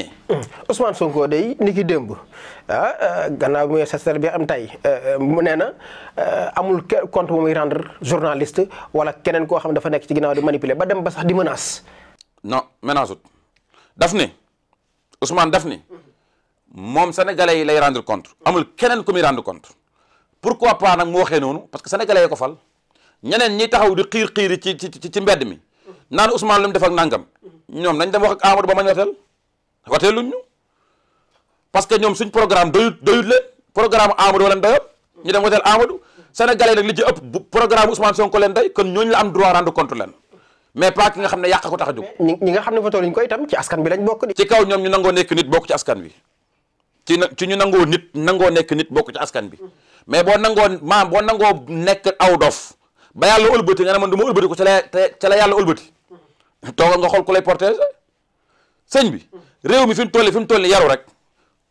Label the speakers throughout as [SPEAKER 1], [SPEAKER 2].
[SPEAKER 1] Eh. Ousmane Sonko day ni ki démb ah eh, gannaaw bi muy sasar bi am tey eh, mu nee na amul compte mu muy rendre journaliste wala keneen koo xam dafa nekk ci ginnaaw di manipuler ba dem ba sax di menace. non menace daf ne Ousmane daf ne moom sénégalais yi lay rendre compte amul keneen ku muy rendre compte pourquoi pas nag mu waxee noonu parce que sénégalais yi ko fal ñeneen ñi taxaw di xiir xiiri ci ci ci mbedd mi naan Ousmane lu mu def ak nangam ñoom nañ dem wax ak Amadou Ba mañ wateeluñ ñu parce que ñoom suñ programme doyut doyut leen programme Amadou leen doyoon ñu dem wateel Amadou sénégalais nag li ci ëpp programme Ousmane Sonko leen day kon ñooñu la am droit rendre compte leen mais pas nga xam ne yàq ko tax a jóg. ñi nga xam ne voté luñ ko itam ci askan bi lañ bokk di. ci kaw ñoom ñu nangoo nekk nit bokk ci askan bi na ci ñu nit nangoo nekk nit bokk bi mais boo nangoo maam boo nangoo nekk aw dof ba yàlla ëlbati nga ne man du ma ëlbati ko ca la yàlla ëlbati toogal nga xool ku lay sëñ bi réew mi fi mu toll fi mu toll yaru rek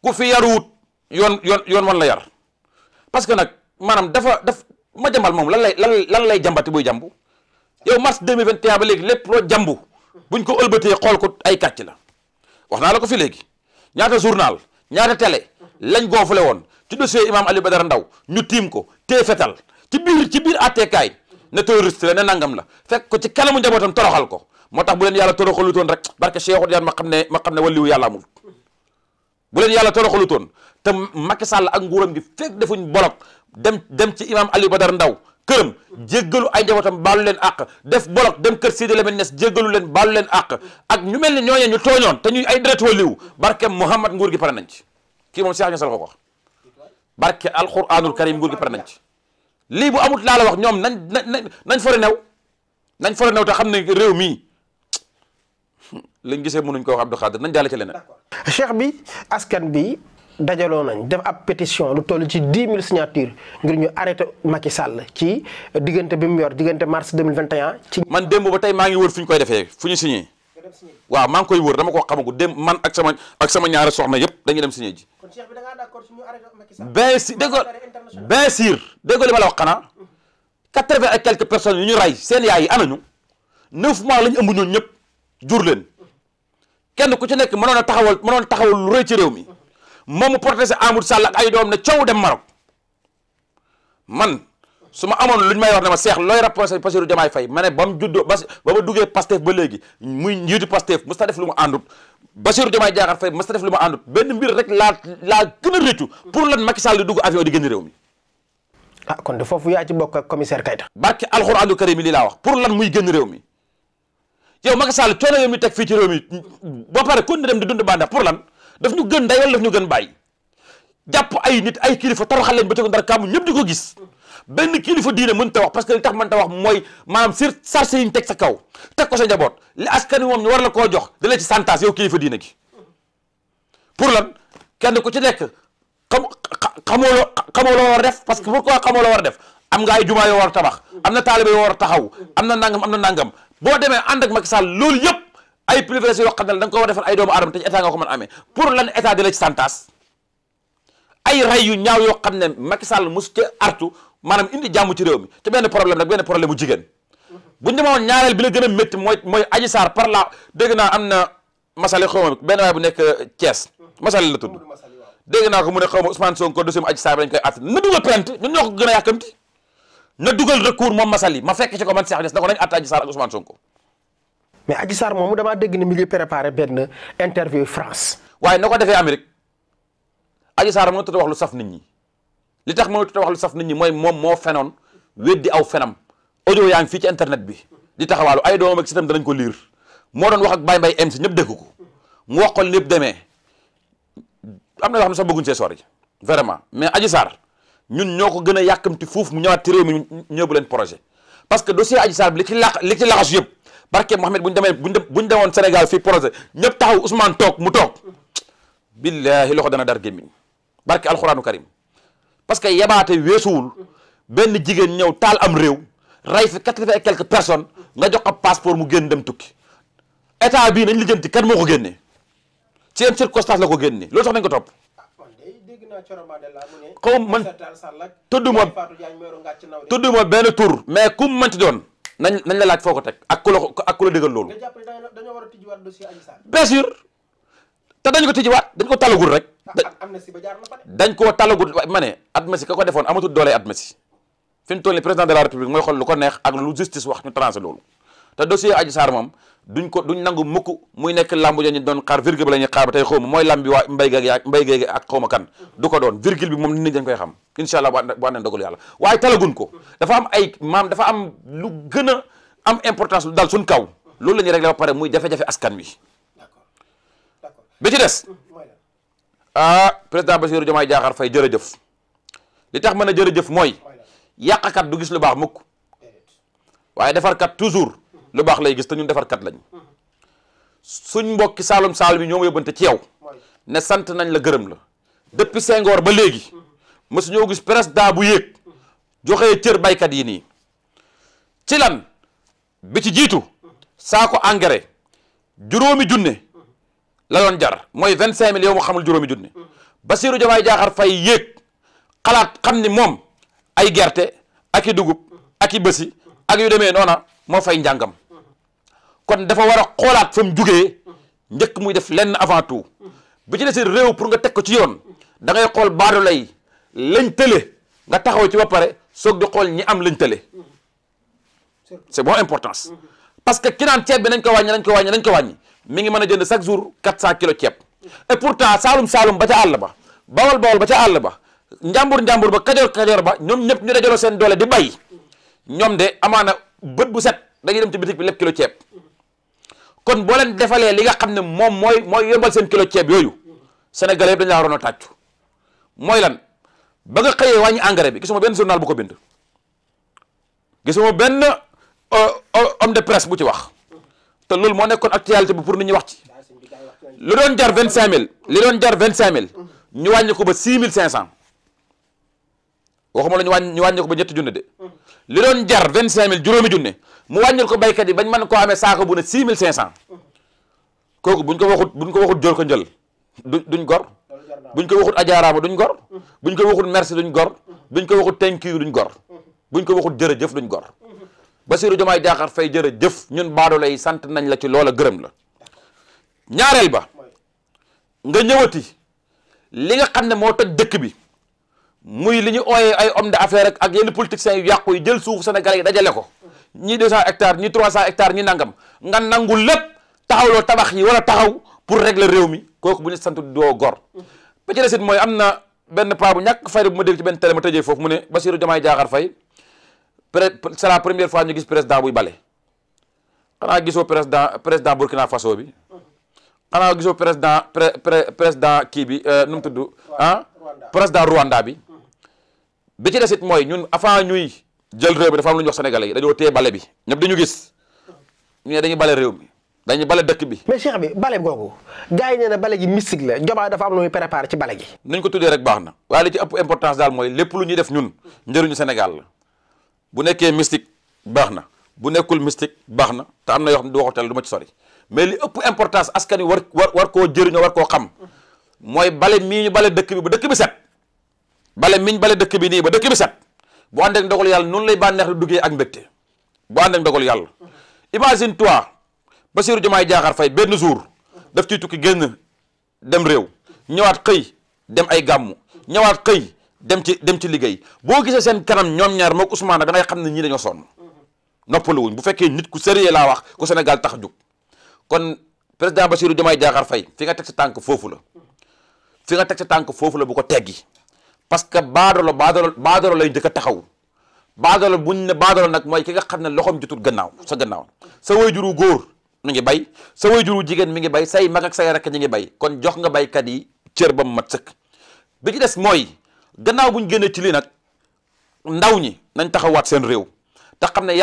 [SPEAKER 1] ku fi yaruwut yoon yoon yoon wan la yar parce que nag maanaam dafa daf ma jambal moom lan lay lan lan lay jambati buy jàmbu yow mars 2021 ba léegi lépp loo jàmbu buñ ko ëlbatee xool ko ay kàcc la wax naa la ko fi léegi ñaata journal ñaata télé lañ goofule woon ci dossier imam Aliou Badara Ndaw ñu tiim ko tée fetal ci biir ci biir attekaay ne terroriste la ne nangam la fekk ko ci kanamu njabootam toroxal ko moo tax bu leen yàlla toroxalutoon rek barke Cheikh Tidiane ma xam ne ma xam ne waliwu yàlla amul bu leen yàlla toroxalutoon te Macky Sall ak nguuram gi fekk defuñ bolok dem dem ci imam Aliou Badar Ndaw këram jéggalu ay njabootam baalu leen àq def bolok dem kër Sidi Lamine Niass jéggalu leen baalu leen ak ñu mel ne ñooñee ñu tooñoon te ñuy ay deret waliwu barke Mouhamad nguur gi pare nañ ci kii moom Cheikh Niass la ko wax barke alquranul karim nguur gi pare nañ ci lii bu amut laa la wax ñoom nañ nañ nañ fore new nañ fore new te xam ne réew mii lañ gisee mun mënuñ ko wax Abdou Khadir nañ jàll ci leneen. cheikh bi askan bi dajaloo nañ def ab pétition lu toll ci dix mille signature ngir ñu arrêté Macky Sall ci diggante bi mu yor diggante mars deux mille vingt et un ci. man démb ba tey maa ngi wër fu ñu koy defee fu ñu signé waaw maa ngi koy wër dama ko xamagu démb man ak sama ak sama ñaari soxna yëpp dañuy dem signé ji. kon cheikh bi da ngaa d'accord ci ñu arrêté Macky Sall. bien sûr ma la wax xanaa quatre-vingt et quelques yu ñu rey seen yaay yi anañu neuf mois la ñu ëmb ñëpp jur leen. kenn ku ci nekk mënoon a taxawal mënoon taxawal lu rëy ci réew mi moom mu protesté Amadou Sall ak ay doom ne coow dem Maroc man su ma amoon lu ñu may wax ne ma seex looy rapproché Bassirou Diomaye Faye ma ne ba mu juddoo ba ba ma duggee Pastef ba léegi muy njiitu Pastef mës ta def lu mu àndut Bassirou Diomaye Diakhar Faye mës ta def lu mu àndut benn mbir rek laa laa gën a rëccu pour lan Macky Sall di dugg avion di génn réew mi. ah kon de foofu yaa ci bokk ak commissaire Kayta. barke alxuraanu karim lii lan muy génn réew mi. yow Macky Sall coono yow mi teg fii ci réew mi ba pare kon dem di dund bànneex pour lan daf ñu gën day wala daf ñu gën bàyyi jàpp ay nit ay kilifa toroxal leen ba tegu ndar kàmm ñëpp di ko gis benn kilifa diine mën ta wax parce que tax mën ta wax mooy maanaam sur sarse yi ñu teg sa kaw teg ko sa njaboot li askan wi moom ñu war la koo jox da la ci santaas yow kilifa diine gi pour lan kenn ku ci nekk xam xamoo loo xamoo loo war def parce que ko xamoo loo war def am nga ay jumaa yoo war a tabax am na taalibe yoo war a taxaw am na nangam am na nangam boo demee ànd ak Macky Sall loolu yëpp ay privilèges yoo xam ne da nga ko war ay doomu aadama te état nga ko amee pour lan état di la santaas ay rey yu ñaaw yoo xam ne Macky Sall mosu ca artu maanaam indi jàmm ci réew mi te benn problème nag benn problème mu jigéen bu ñu demoon ñaareel bi la gën a métti mooy mooy Adji Sarr par là dégg naa am na masale xaw ma benn waay bu nekk Thiès masale la tudd dégg naa ko mu ne xaw ma Ousmane Sonko dossier ñoo ko gën a na dugal recours moom Massaly ma fekk ci ko man Cheikh Niass na ko nañ àtte Adji ak Ousmane Sonko. mais Adji moom moomu damaa dégg ne mi ngi préparé benn interview France. waaye na ko defee Amérique Adji Sarr mënut a wax lu saf nit ñi li tax mënut a wax lu saf nit ñi mooy moom moo fenoon weddi aw fenam audio yaa ngi fii ci internet bi di taxawaalu ay doomam ak sitam danañ ko liir moo doon wax ak Baye Mbaye MC ñëpp dégg ko mu wax ko lépp demee am na yoo xam ne sax bëgguñ see sori vraiment mais Adji Sarr. ñun ñoo ko gën a yàkkamti fuuf mu ñëwaat ci réew mi ñëw leen projet parce que dossier Adji Sarr bi li yëpp barke Mohamed bu ñu demee bu ñu demoon Sénégal fii projet ñëpp taxaw Ousmane toog mu toog billahi loxo dana dar gémmiñ barke alxuraanu karim parce que yabaate weesuwul benn jigéen ñëw taal am réew rey fi quatre-vingt et quelques personnes nga jox ko passeport mu génn dem tukki état bii nañ ti kan moo ko génne ci yenn circonstance la ko génnee loolu sax ko topp xaw man tudduma tudduma benn tur mais ku mu mënti nañ nañ la laaj foo ak ku la loolu. bien te dañ ko tijjiwaat dañ ko tallagul rek. Ah, dañ koo tallagul ma ne admesi ka ko defoon amatul doole admesi fi mu toll président de la république mooy xool lu ko neex ak lu justice wax ñu tranché loolu. te dossier Adji Sarr moom duñ ko duñ nangu mukk muy nekk lamb ja ñu doon xaar virgule bi la ñuy xaar ba tey xawma mooy lamb bi waa mbay geeg yaa mbay geeg ak xawma kan du ko doon virgule bi moom nit ñi dañ koy xam incha allah bu àndeen dogalu yàlla waaye talagun ko dafa am ay maam dafa am lu gën a am importance lu suñ kaw loolu la ñuy réglé ba muy jafe-jafe askan wi bi ci des mm, ah président Bassirou Diomaye Diakhar Faye jërëjëf li tax mën a jërëjëf mooy yàqkat du gis lu baax mukk waaye defarkat toujours lu baax lay gis te ñun defarkat lañ suñ mbokki saalum saalum yi ñoo ma yóbbante ci yow ne sant nañ la gërëm la depuis Senghor ba léegi mësu ñoo gis daa bu yéeg joxe cër baykat yi nii ci lan bi ci jiitu saako engrais juróomi junne la doon jar mooy vingt cinq mille yow mu xamul juróomi junne Bassirou Diomaye Diakhar Faye yéeg xalaat xam ni moom ay gerte ak i dugub ak i bësi ak yu demee noona moo fay njàngam kon dafa war a xoolaat fa jugee njëkk muy def lenn avant tout bi ci des réew pour nga teg ko ci yoon da ngay xool baadoola yi lañ tële nga taxaw ci ba pare soog di xool ñi am lañ tële c'est bon importance parce que ki naan ceeb bi nañ ko wàññi nañ ko wàññi nañ ko wàññi mi ngi mën a jënd chaque jour cent kilo ceeb et pourtant saalum saalum ba ca àll ba bawol bawol ba ca àll ba njàmbur njàmbur ba kajoor kajoor ba ñoom ñëpp ñu dajaloo seen doole di ñoom de amaana bët bu set dañuy dem ci bitik bi lépp kilo ceeb kon boo leen defalee li nga xam ne moom mooy mooy yombal seen kilo ceeb yooyu sénégalais yëpp dañ laa waroon a tàccu mooy lan ba nga xëyee wàññi engrais bi gisuma benn journal bu ko bind gisuma benn euh, euh, homme de presse bu ci wax te loolu moo kon actualité bu pour nit ñi wax ci lu doon jar vingt cinq mille li doon jar vingt cinq mille ñu wàññi ko ba six mille cinq cent waxuma la ñu wàññi ñu wàññi ko ba ñetti junne de li doon jar vingt cinq mille juróomi junne mu wàññil ko baykat yi bañ mën koo amee saako bu ne six mille cinq cent kooku buñ ko waxut buñ ko waxut jor ko njël du duñ gor buñ ko waxut ajaaraama duñ gor buñ ko waxut merci duñ gor buñ ko waxut thank you duñ gor buñ ko waxut jërëjëf duñ gor Bassirou Diomaye fay jëre jëf ñun baadoolo yi sant nañ la ci loola gërëm la ñaareel ba nga ñëwati li nga xam ne moo toj dëkk bi muy li ñu ooyee ay homme d'affaires ak ak yenn politiciens yu yàqu yi jël suufu Sénégal yi dajale ko ñii deux cent hectares ñii trois hectares ñi nangam nga nangu lépp taxawloo tabax yi a taxaw pour régler réew mi kooku bu ñu sant doo gor ba mooy am na benn paa bu ñàkk bu ma dégg ci benn télé ma foofu mu ne Bassirou Diomaye Diakhar Faye c'est la première fois ñu gis président buy bale xanaa gisoo président président Burkina Faso bi xanaa gisoo président président kii bi euh, nu mu tudd ah président Rwanda bi bi ci desit mooy ñun avant ñuy jël réew mi dafa am lu ñu wax sénégalais yi dañoo téye bale bi ñëpp dañu gis ñu dañu dañuy bale réew mi dañuy bale dëkk bi. mais cheikh bi bale googu gars yi nee na bale gi mystique la Jomaa dafa am lu ci bale gi. nañ ko tuddee rek na waaye ci ëpp importance daal mooy lépp lu ñuy def ñun njëriñu Sénégal bu nekkee mystique baax na bu nekkul mystique baax na te am na yoo xam ne du waxu ma ci sori mais li ëpp importance askan wi war war war koo jëriñoo war koo xam mooy bale mii ñu bale dëkk bi bu dëkk bi set. bale miñ bale dëkk bi nii ba dëkk bi set bu ànd ak yàlla noonu lay bànneex di duggee ak mbégte bu ànd ak ndogal yàlla imagine toi Bassirou Diomaye Diakhar Faye benn jour daf ciy tukki génn dem réew ñëwaat xëy dem ay gàmmu ñëwaat xëy dem ci dem ci liggéey boo gisee seen kanam ñoom ñaar moog Ousmane nag xam ne ñii dañoo sonn noppaluwuñ bu fekkee nit ku sérieux laa wax ku Sénégal tax a jug kon président Bassirou Diomaye Diakhar Faye fi nga teg sa tànk foofu la fi nga teg sa tànk foofu la bu ko teggi parce que baadoolo baadoolo baadoolo lay njëkk a taxaw baadoolo buñ ne baadoolo nag mooy ki nga xam ne loxoom jotul gannaaw sa gannaaw sa wayjuru góor mu ngi bay sa wayjuru jigéen mi ngi bay say mag ak say rakk ñu ngi bay kon jox nga baykat yi cër ba mu mat sëkk bi ci des mooy gannaaw buñ génnee ci lii nag ndaw ñi nañ taxawaat seen réew te xam ne